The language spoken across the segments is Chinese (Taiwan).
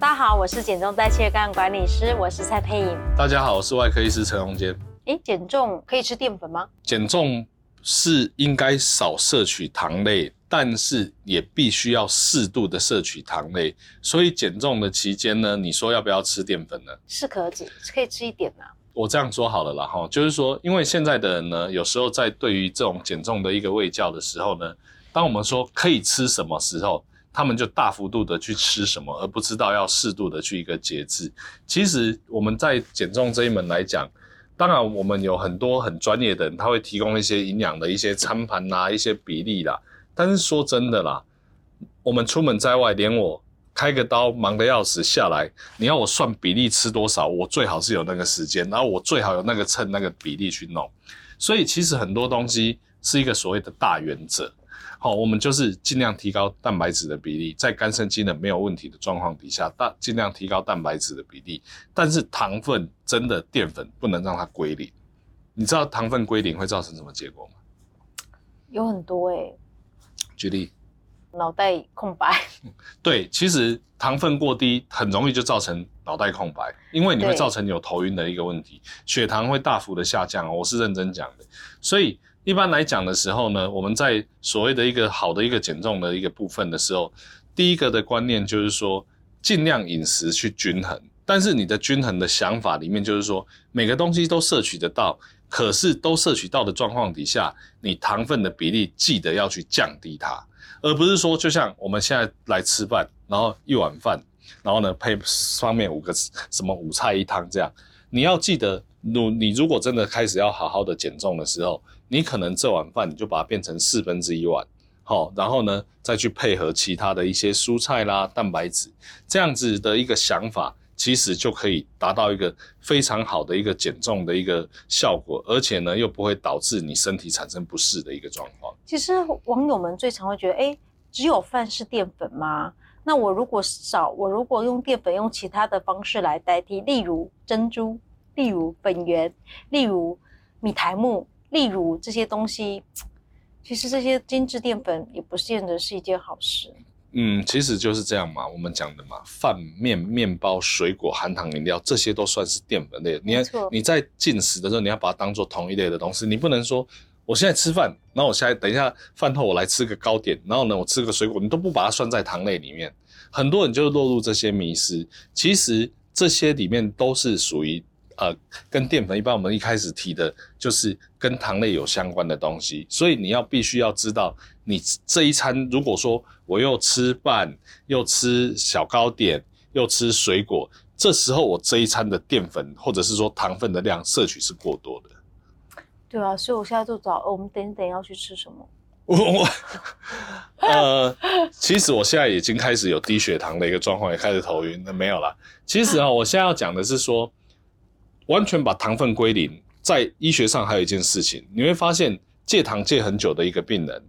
大家好，我是減重代謝個案管理師，我是蔡沛穎。大家好，我是外科醫師陳榮堅。哎、欸，減重可以吃澱粉嗎？減重是應該少攝取糖類，但是也必須要適度的攝取糖類。所以減重的期間呢，你說要不要吃澱粉呢？適可而止，可以吃一點呢。我這樣說好了啦齁，就是說，因為現在的人呢，有時候在對於這種減重的一個衛教的時候呢，當我們說可以吃什麼時候？他們就大幅度的去吃什麼，而不知道要適度的去一個節制。其實我們在減重這一門來講，當然我們有很多很專業的人，他會提供一些營養的一些餐盤吶、啊，一些比例啦。但是說真的啦，我們出門在外，連我開個刀忙得要死，下來你要我算比例吃多少，我最好是有那個時間，然後我最好有那個秤那個比例去弄。所以其實很多東西是一個所謂的大原則。好，我們就是盡量提高蛋白質的比例，在肝腎機能沒有問題的狀況底下，大盡量提高蛋白質的比例，但是糖分真的澱粉不能讓它歸零。你知道糖分歸零會造成什麼結果嗎？有很多誒、欸、舉例。腦袋空白。 對，其實糖分過低很容易就造成腦袋空白，因為你會造成有頭暈的一個問題，血糖會大幅的下降。我是認真講的，所以。一般來講的時候呢，我們在所謂的一個好的一個減重的一個部分的時候，第一個的觀念就是說，盡量飲食去均衡。但是你的均衡的想法裡面，就是說每個東西都攝取得到，可是都攝取到的狀況底下，你糖分的比例記得要去降低它，而不是說就像我們現在來吃飯，然後一碗飯，然後呢配上面五個什麼五菜一湯這樣，你要記得。如你如果真的開始要好好的減重的時候，你可能這碗飯你就把它變成四分之一碗，好、哦，然後呢再去配合其他的一些蔬菜啦、蛋白質，這樣子的一個想法，其實就可以達到一個非常好的一個減重的一個效果，而且呢又不會導致你身體產生不適的一個狀況。其實網友們最常會覺得，哎、欸，只有飯是澱粉嗎？那我如果少，我如果用澱粉用其他的方式來代替，例如珍珠。例如粉圓，例如米苔目，例如這些東西，其實這些精致澱粉也不見得是一件好事。嗯，其實就是這樣嘛，我們講的嘛，飯、面、麵包、水果、含糖飲料，這些都算是澱粉類。你要你在進食的時候，你要把它當做同一類的東西。你不能說我現在吃飯，然後我現在等一下飯後我來吃個糕點，然後呢我吃個水果，你都不把它算在糖類裡面。很多人就落入這些迷思，其實這些裡面都是屬於。呃，跟澱粉一般，我們一開始提的就是跟糖類有相關的東西，所以你要必須要知道，你這一餐如果說我又吃飯，又吃小糕點，又吃水果，這時候我這一餐的澱粉或者是說糖分的量攝取是過多的。對啊，所以我現在就找，哦、我們等等要去吃什麼。我 呃，其實我現在已經開始有低血糖的一個狀況，也開始頭暈。那沒有啦。其實啊，哦，我現在要講的是說。完全把糖分歸零，在醫學上還有一件事情，你會發現戒糖戒很久的一個病人，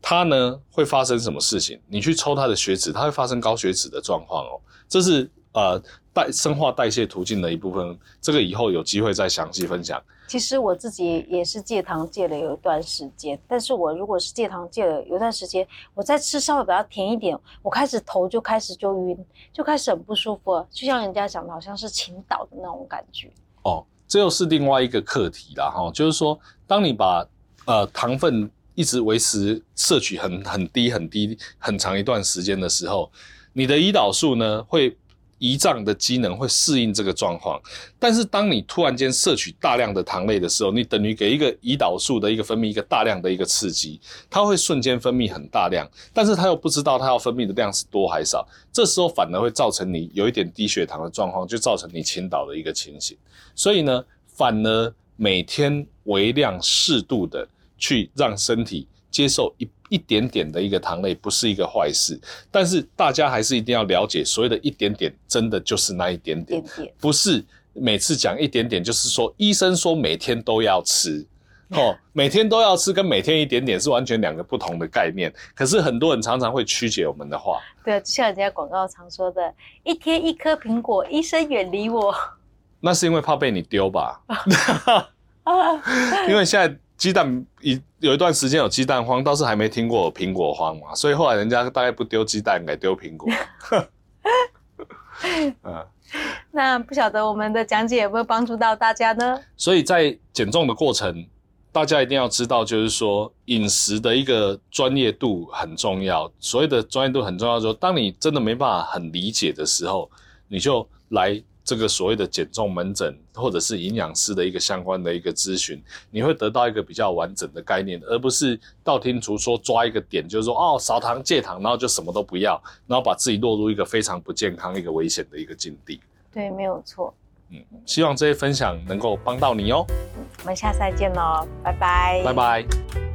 他呢會發生什麼事情？你去抽他的血脂，他會發生高血脂的狀況哦。這是呃代生化代謝途徑的一部分，這個以後有機會再詳細分享。其實我自己也是戒糖戒了有一段時間，但是我如果是戒糖戒了有一段時間，我再吃稍微比較甜一點，我開始頭就開始就暈，就開始很不舒服，就像人家講的好像是傾倒的那種感覺。哦，這又是另外一個課題了哈、哦，就是說，當你把呃糖分一直維持攝取很很低很低很長一段時間的時候，你的胰島素呢會。胰臟的機能會適應這個狀況，但是當你突然間攝取大量的糖類的時候，你等於給一個胰島素的一個分泌一個大量的一個刺激，它會瞬間分泌很大量，但是它又不知道它要分泌的量是多還少，這時候反而會造成你有一點低血糖的狀況，就造成你傾倒的一個情形。所以呢，反而每天微量適度的去讓身體接受一。一點點的一個糖類不是一個壞事，但是大家還是一定要了解，所謂的一點點真的就是那一點點，點點，不是每次講一點點就是說醫生說每天都要吃， 哦，每天都要吃跟每天一點點是完全兩個不同的概念。可是很多人常常會曲解我們的話，對啊，就像人家廣告常說的，一天一顆蘋果，醫生遠離我。那是因為怕被你丟吧？ 因為現在雞蛋一有一段時間有雞蛋荒，倒是還沒聽過有蘋果荒嘛，所以後來人家大概不丟雞蛋，改丟蘋果。嗯 那不曉得我們的講解有沒有幫助到大家呢？所以在減重的過程，大家一定要知道，就是說飲食的一個專業度很重要。所謂的專業度很重要，就是當你真的沒辦法很理解的時候，你就來。這個所謂的減重門診，或者是營養師的一個相關的一個諮詢，你會得到一個比較完整的概念，而不是道聽途說，抓一個點，就是說哦，少糖戒糖，然後就什麼都不要，然後把自己落入一個非常不健康、一個危險的一個境地。對，沒有錯。嗯，希望這些分享能夠幫到你哦。嗯，我們下次再見嘍，拜拜。拜拜。